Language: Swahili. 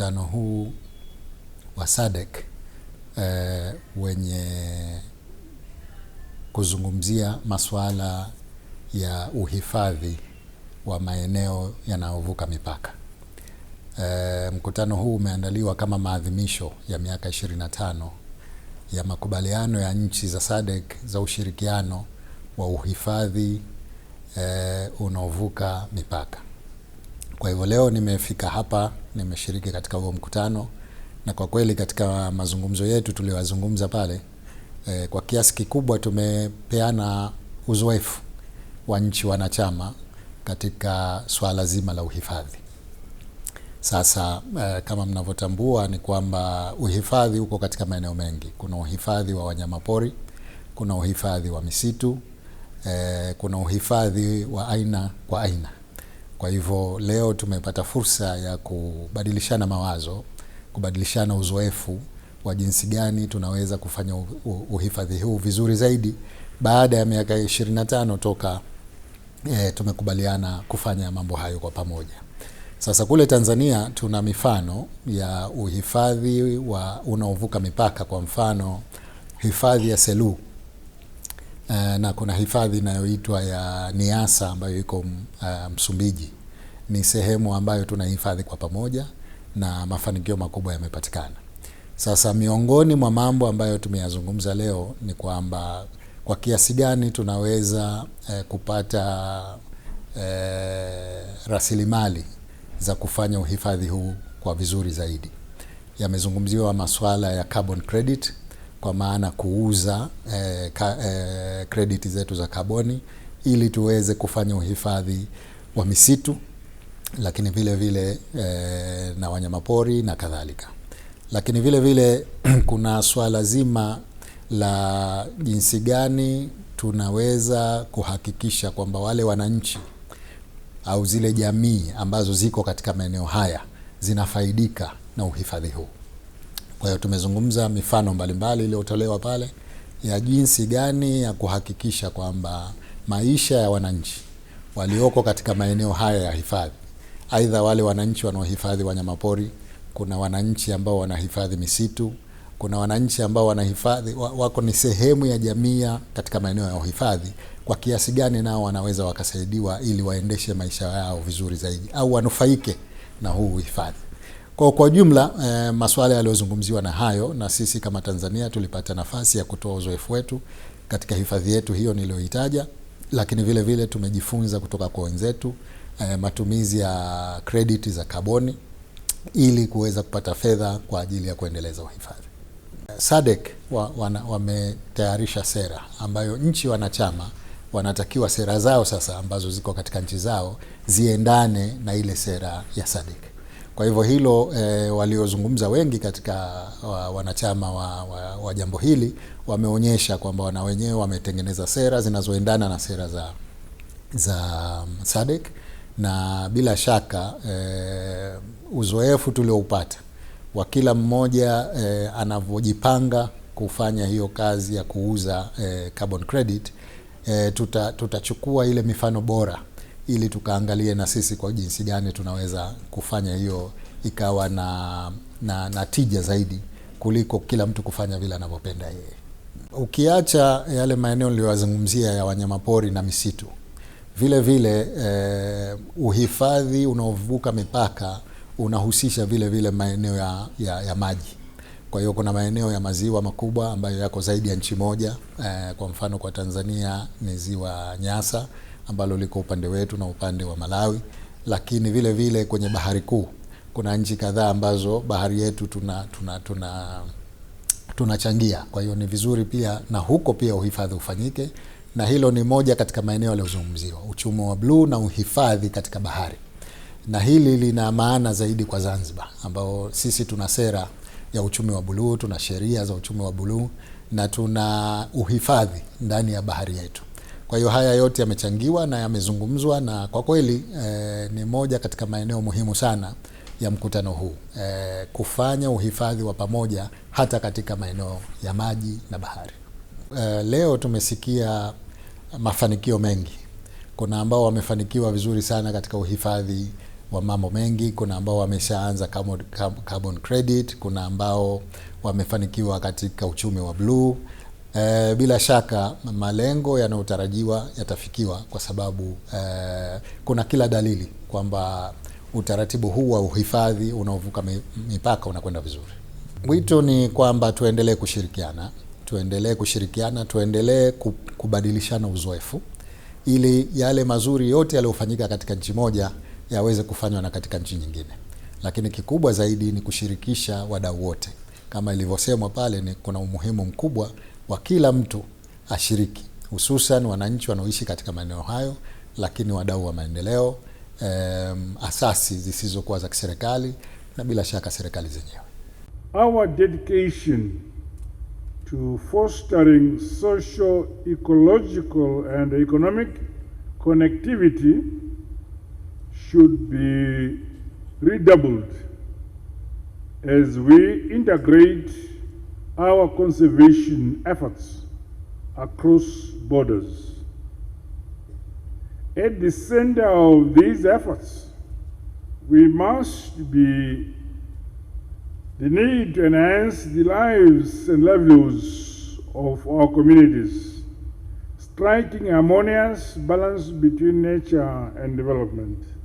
mkutano huu wa SADC eh, wenye kuzungumzia masuala ya uhifadhi wa maeneo yanayovuka mipaka. E, mkutano huu umeandaliwa kama maadhimisho ya miaka 25 ya makubaliano ya nchi za SADC za ushirikiano wa uhifadhi e, unaovuka mipaka. Kwa hivyo leo nimefika hapa, nimeshiriki katika huo mkutano, na kwa kweli katika mazungumzo yetu tuliyozungumza pale e, kwa kiasi kikubwa tumepeana uzoefu wa nchi wanachama katika swala zima la uhifadhi. Sasa e, kama mnavyotambua ni kwamba uhifadhi uko katika maeneo mengi. Kuna uhifadhi wa wanyamapori, kuna uhifadhi wa misitu e, kuna uhifadhi wa aina kwa aina kwa hivyo leo tumepata fursa ya kubadilishana mawazo, kubadilishana uzoefu wa jinsi gani tunaweza kufanya uhifadhi huu vizuri zaidi baada ya miaka 25 toka e, tumekubaliana kufanya mambo hayo kwa pamoja. Sasa kule Tanzania tuna mifano ya uhifadhi wa unaovuka mipaka, kwa mfano hifadhi ya Selous uh, na kuna hifadhi inayoitwa ya niasa ambayo iko uh, Msumbiji. Ni sehemu ambayo tunahifadhi kwa pamoja na mafanikio makubwa yamepatikana. Sasa miongoni mwa mambo ambayo tumeyazungumza leo ni kwamba kwa kiasi gani tunaweza eh, kupata eh, rasilimali za kufanya uhifadhi huu kwa vizuri zaidi. Yamezungumziwa masuala ya carbon credit kwa maana kuuza eh, eh, krediti zetu za kaboni ili tuweze kufanya uhifadhi wa misitu lakini vile vile eh, na wanyamapori na kadhalika. Lakini vile vile kuna swala zima la jinsi gani tunaweza kuhakikisha kwamba wale wananchi au zile jamii ambazo ziko katika maeneo haya zinafaidika na uhifadhi huu. Kwa hiyo tumezungumza mifano mbalimbali iliyotolewa pale ya jinsi gani ya kuhakikisha kwamba maisha ya wananchi walioko katika maeneo haya ya hifadhi, aidha wale wananchi wanaohifadhi wanyamapori, kuna wananchi ambao wanahifadhi misitu, kuna wananchi ambao wanahifadhi wako ni sehemu ya jamii katika maeneo ya uhifadhi, kwa kiasi gani nao wanaweza wakasaidiwa ili waendeshe maisha yao vizuri zaidi au wanufaike na huu uhifadhi. Kwa, kwa jumla eh, masuala yaliyozungumziwa na hayo, na sisi kama Tanzania tulipata nafasi ya kutoa uzoefu wetu katika hifadhi yetu hiyo niliyoitaja, lakini vile vile tumejifunza kutoka kwa wenzetu eh, matumizi ya krediti za kaboni ili kuweza kupata fedha kwa ajili ya kuendeleza uhifadhi. SADC wametayarisha wa, sera ambayo nchi wanachama wanatakiwa sera zao sasa ambazo ziko katika nchi zao ziendane na ile sera ya SADC. Kwa hivyo hilo e, waliozungumza wengi katika wa, wanachama wa, wa, wa jambo hili wameonyesha kwamba wana wenyewe wametengeneza sera zinazoendana na sera za, za um, SADC na bila shaka e, uzoefu tulioupata wa kila mmoja e, anavyojipanga kufanya hiyo kazi ya kuuza e, carbon credit e, tuta, tutachukua ile mifano bora ili tukaangalie na sisi kwa jinsi gani tunaweza kufanya hiyo ikawa na, na, na tija zaidi kuliko kila mtu kufanya vile anavyopenda yeye. Ukiacha yale maeneo niliyoyazungumzia ya wanyamapori na misitu, vile vile eh, uhifadhi unaovuka mipaka unahusisha vile vile maeneo ya, ya, ya maji. Kwa hiyo kuna maeneo ya maziwa makubwa ambayo yako zaidi ya nchi moja eh, kwa mfano kwa Tanzania ni ziwa Nyasa ambalo liko upande wetu na upande wa Malawi, lakini vile vile kwenye bahari kuu kuna nchi kadhaa ambazo bahari yetu tuna tuna tuna tunachangia. Kwa hiyo ni vizuri pia na huko pia uhifadhi ufanyike, na hilo ni moja katika maeneo yaliyozungumziwa, uchumi wa bluu na uhifadhi katika bahari, na hili lina maana zaidi kwa Zanzibar, ambao sisi tuna sera ya uchumi wa buluu, tuna sheria za uchumi wa buluu na tuna uhifadhi ndani ya bahari yetu. Kwa hiyo haya yote yamechangiwa na yamezungumzwa na kwa kweli eh, ni moja katika maeneo muhimu sana ya mkutano huu eh, kufanya uhifadhi wa pamoja hata katika maeneo ya maji na bahari. Eh, leo tumesikia mafanikio mengi. Kuna ambao wamefanikiwa vizuri sana katika uhifadhi wa mambo mengi. Kuna ambao wameshaanza carbon, carbon credit. Kuna ambao wamefanikiwa katika uchumi wa bluu. E, bila shaka malengo yanayotarajiwa yatafikiwa kwa sababu e, kuna kila dalili kwamba utaratibu huu wa uhifadhi unaovuka mipaka unakwenda vizuri. Wito ni kwamba tuendelee kushirikiana, tuendelee kushirikiana, tuendelee kubadilishana uzoefu ili yale mazuri yote yaliyofanyika katika nchi moja yaweze kufanywa na katika nchi nyingine, lakini kikubwa zaidi ni kushirikisha wadau wote, kama ilivyosemwa pale, ni kuna umuhimu mkubwa wa kila mtu ashiriki, hususan wananchi wanaoishi katika maeneo hayo, lakini wadau wa maendeleo, um, asasi zisizokuwa za kiserikali na bila shaka serikali zenyewe. Our dedication to fostering social, ecological and economic connectivity should be redoubled as we integrate our conservation efforts across borders. At the center of these efforts, we must be the need to enhance the lives and livelihoods of our communities, striking harmonious balance between nature and development.